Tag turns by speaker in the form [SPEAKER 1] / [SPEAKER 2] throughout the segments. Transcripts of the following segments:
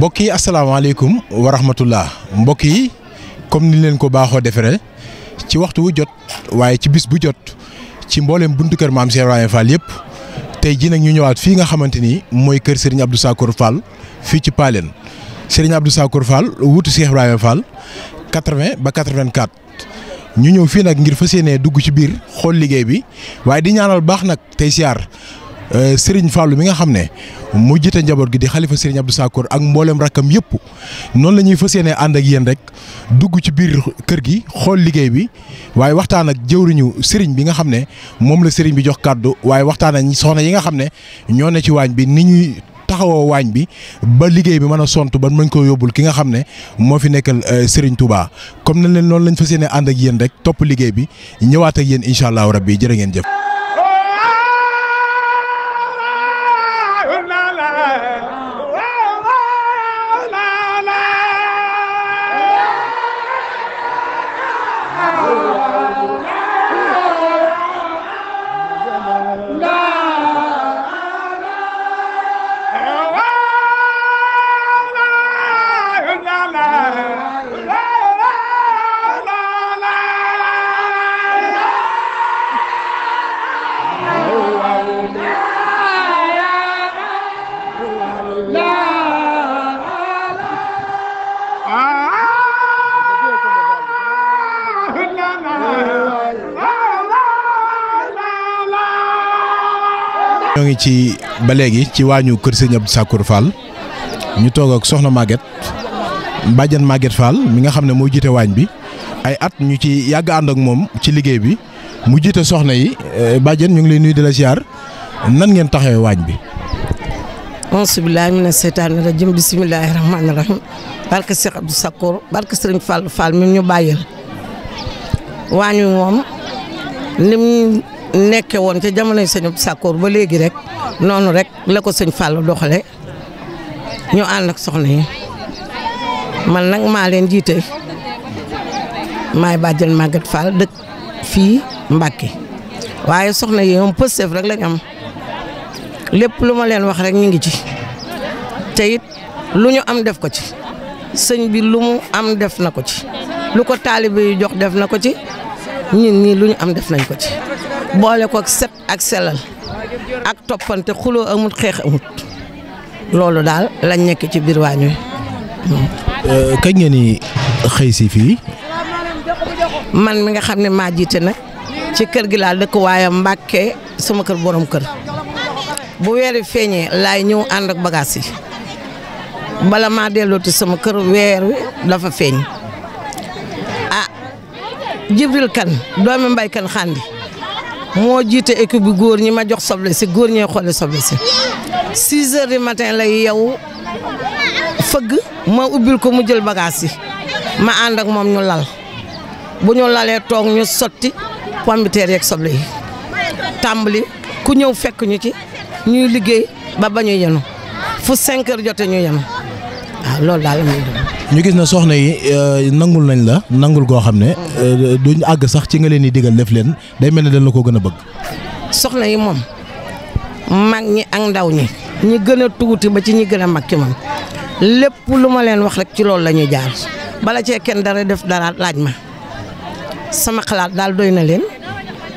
[SPEAKER 1] mbokk yi asalaamaaleykum wa rahmatullah mbokk yi comme ni leen ko baaxoo deferee ci waxtu wu jot waaye ci bis bu jot ci mbooleem buntu kër maam Cheikh Ibrahima Fall yëpp tey jii nag ñu ñëwaat fii nga xamante ni mooy kër Serigne Abdou fii ci Paaleen Serigne Abdou Sakor Fall wuutu Cheikh Ibrahima Fall 80 ba 84. ñu ñëw fii nag ngir fas yéenee dugg ci biir xool liggéey bi waaye di ñaanal baax nag tey siyaar Euh, Serigne Fallou mi nga xam ne mu jiite njaboot gi di xalifa Serigne Abdou Sakor ak mboolem rakkam yëpp noonu la ñuy fas yéene ànd ak yéen rek dugg ci biir kër gi xool liggéey bi waaye waxtaan ak jëwriñu Serigne bi nga xam ne moom la Serigne bi jox kàddu waaye waxtaan ak soxna yi nga xam ne ñoo ci waañ bi ñuy taxawoo waañ bi ba liggéey bi mën a sont ba mën koo yóbbul ki nga xam ne moo fi nekkal euh, Serigne Touba comme nañ leen noonu lañ fas yéene ànd ak yéen rek topp liggéey bi ñëwaat ak yéen incha allahu rabbi jërë ngeen jëf. ñoo ngi ci ba léegi ci waañu kër Sëñ Abdou Sakour Fall ñu toog ak soxna Maguette Badiane Maguette Fall mi nga xam ne moo jiite waañ bi ay at ñu ci yàgg ànd ak moom ci liggéey bi mu jiite soxna yi eh, bàjjan ñu ngi lay nuy di la siyaar nan ngeen taxawee waañ bi.
[SPEAKER 2] auzu billaahi mina seytaani rajiim bismillaahi rahmaani rahiim barke Cheikh Abdou Sakour barke Serigne mi ñu bàyyil waañu moom lim nekke woon ca jamonoy sëñ Sakkoor ba léegi rek noonu rek la ko sëñ Fallou doxale ñu ànd ak soxna yi man nag maa leen jiite maay bàjjen Maguette Fall dëkk fii Mbacke waaye soxna yi moom rek lañ am lépp lu ma leen wax rek ñu ngi ci te it lu ñu am def ko ci sëñ bi lumu am def na ko ci lu ko taalibe bi jox def na ko ci ñun ñi luñu am def nañ ko ci. boole ko set ak selal ak toppante xuloo amut xeex amut loolu daal la nekk ci biir waañ wi.
[SPEAKER 1] Euh, kañ nga xëy si fii.
[SPEAKER 2] man mi nga xam ne ma jiite nag ci kër gi laal dëkk waaye Mbàkke sama kër borom kër bu weeri feeñee laay ñëw ànd ak bagages yi bala maa dellooti sama kër weer dafa feeñ ah Jibril Kan doomi Mbay Kan Xandi moo jiite équipe bu góor ñi ma jox soble si góor ñee xoole soble si 6 heures du matin lay yow fëgg ma ubbil ko mu jël bagage yi ma ànd ak moom ñu lal bu ñu lalee toog ñu sotti pombiteer yeeg soble yi tàmbali ku ñëw fekk ñu ci ñuy liggéey ba bañu yenu fu 5 heures jote ñu yenu waaw loolu daal la ñuy
[SPEAKER 1] ñu gis na soxna yi euh, nangul nañ la nangul goo xam ne euh, duñ àgg sax ci nga leen di digal def leen day mel ne dañ la ko gën a bëgg.
[SPEAKER 2] soxna yi moom mag ñi ak ndaw ñi ñi gën a tuuti ba ci ñi gën mag ci moom lépp lu ma leen wax rek ci loolu lañuy jaar bala cee kenn dara def dara laaj ma sama xalaat daal doy na leen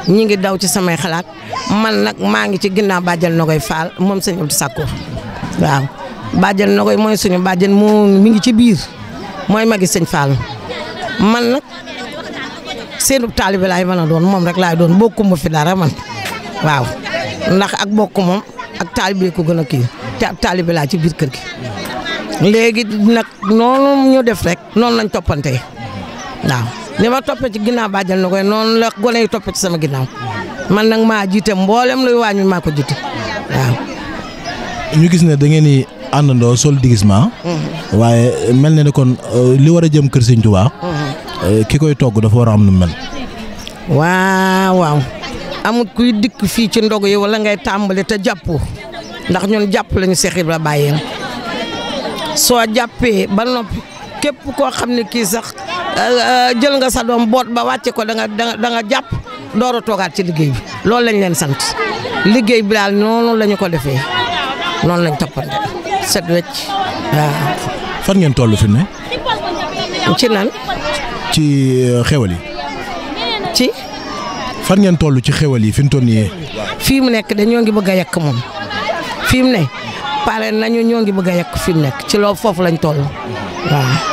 [SPEAKER 2] ñi ngi daw ci samay xalaat man nag maa ngi ci ginnaaw bàjjal na koy faal moom sëñ Abdou Sakkour waaw bàjjal na mooy suñu bàjjal moo ngi ci biir. mooy magi sëñ Fall man nag seenu taalibe laay mën a doon moom rek laay doon bokkuma fi dara man waaw ndax ak bokk moom ak taalibe ko gën a kii te ab taalibe laa ci biir kër gi léegi nag noonu ñu def rek noonu lañ toppante waaw ni ma toppee ci ginnaaw bàjjal na koy noonu la gone yi toppee ci sama ginnaaw man nag maa jiite mboolem luy waañu maa ko jiite waaw.
[SPEAKER 1] ñu gis ne da àndandoo sol digisement mm-hmm. waaye mel na ni kon euh, li war a jëm kër Sëñ Tuubaa mm-hmm. euh, ki koy togg dafa war a am nu
[SPEAKER 2] mel waaw waaw amut kuy dikk fii ci ndog yi wala ngay tàmbali te jàppoo ndax ñun jàpp lañu Seex Ibra bàyyee soo jàppee ba nopp képp ko xam ne kii sax euh, jël nga sa doom boot ba wàcce ko da nga jàpp door a toogaat ci liggéey bi loolu lañ leen sant liggéey bi daal noonu la ko defee noonu lañ toppante set wecc
[SPEAKER 1] far ngeen tollu fi ne. ci nan. ci euh, xéwal yi. ci. fan ngeen toll ci xéwal yi fi mu toll nii.
[SPEAKER 2] fii mu nekk de ñoo ngi bëgg a yàq moom fii mu ne pare nañu ñoo ngi bëgg a yàq fi mu nekk ci loo foofu lañ toll waaw.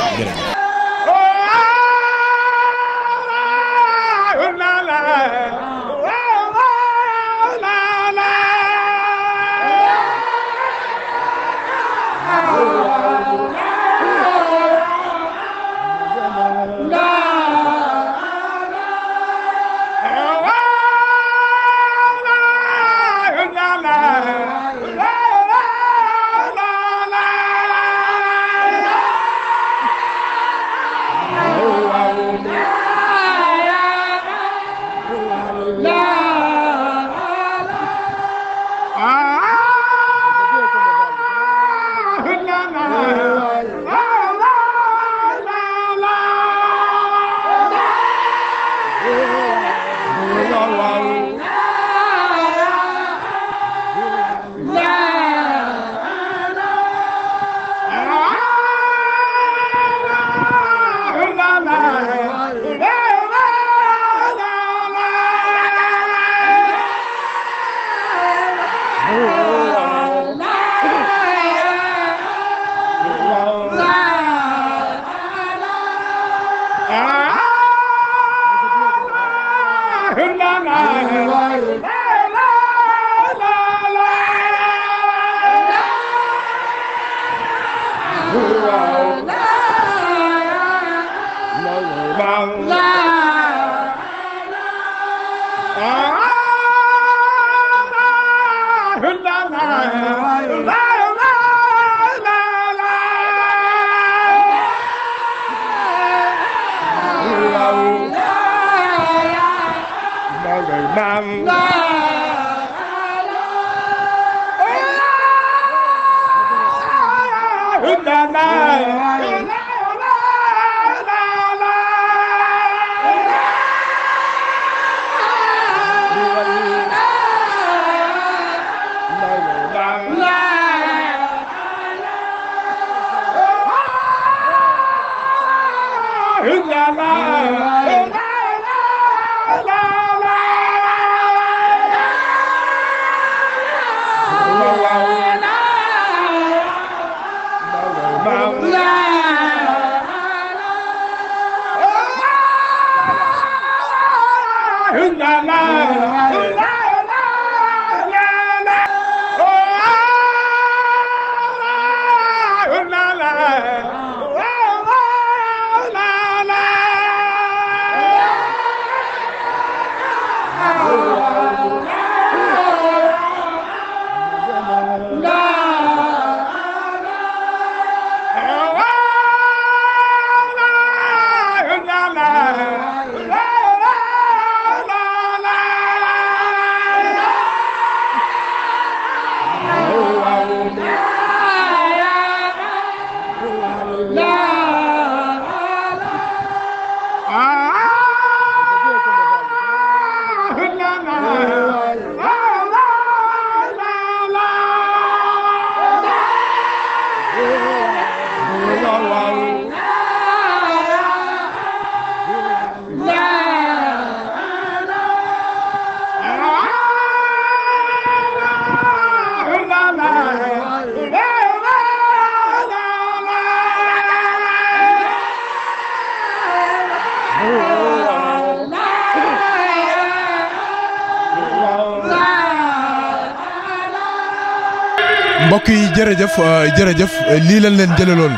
[SPEAKER 1] jërëjëf euh, jërëjëf lii lañ leen jëlaloon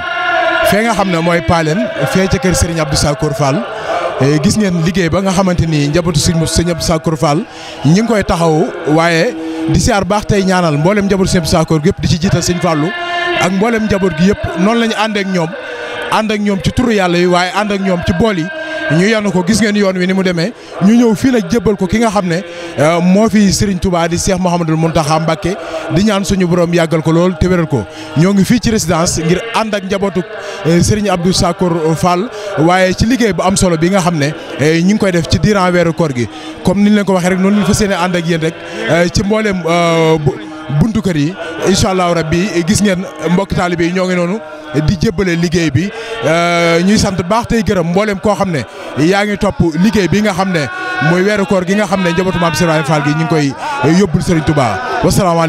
[SPEAKER 1] fee nga xam ne mooy Paaleen fee ca kër Serigne Abdou Sakor Fall e, gis ngeen liggéey ba nga xamante ni njabootu Serigne Serigne Abdou Sakor Fall ñi ngi koy taxawu waaye di siyaar baax tey ñaanal mboolem njabootu Serigne Abdou Sakor yëpp di ci jiital Serigne Fallou ak mboolem njaboot gi yëpp noonu la ñu ànd ñoom ànd ak ñoom ci turu yàlla yi waaye ànd ak ñoom ci bool yi ñu yenn ko gis ngeen yoon wi ni mu demee ñu ñëw fii na jébbal ko ki nga xam ne euh, moo fi Serigne Touba di Cheikh Mouhamadul Mountakha Mbacké di ñaan suñu borom yàggal ko lool te wéral ko ñoo ngi fii ci résidence ngir ànd ak njabootu euh, Serigne Abdou Sakor Fall waaye ci liggéey bu am solo bi nga xam ne euh, ñu ngi koy def ci diiran weeru koor gi comme ni ñu leen ko waxee rek noonu lañ fa yéene ànd ak yéen rek ci mbooleem buntu kër yi incha allahu rabbi gis ngeen mbokk taalibe yi ñoo ngi noonu. di jébbale liggéey bi euh, ñuy sant baax tey gërëm mboolem koo xam ne yaa ngi topp liggéey bi nga xam ne mooy weer koor gi nga xam ne njabootu maam Serigne Fall gi ñu ngi koy yóbbul Serigne Touba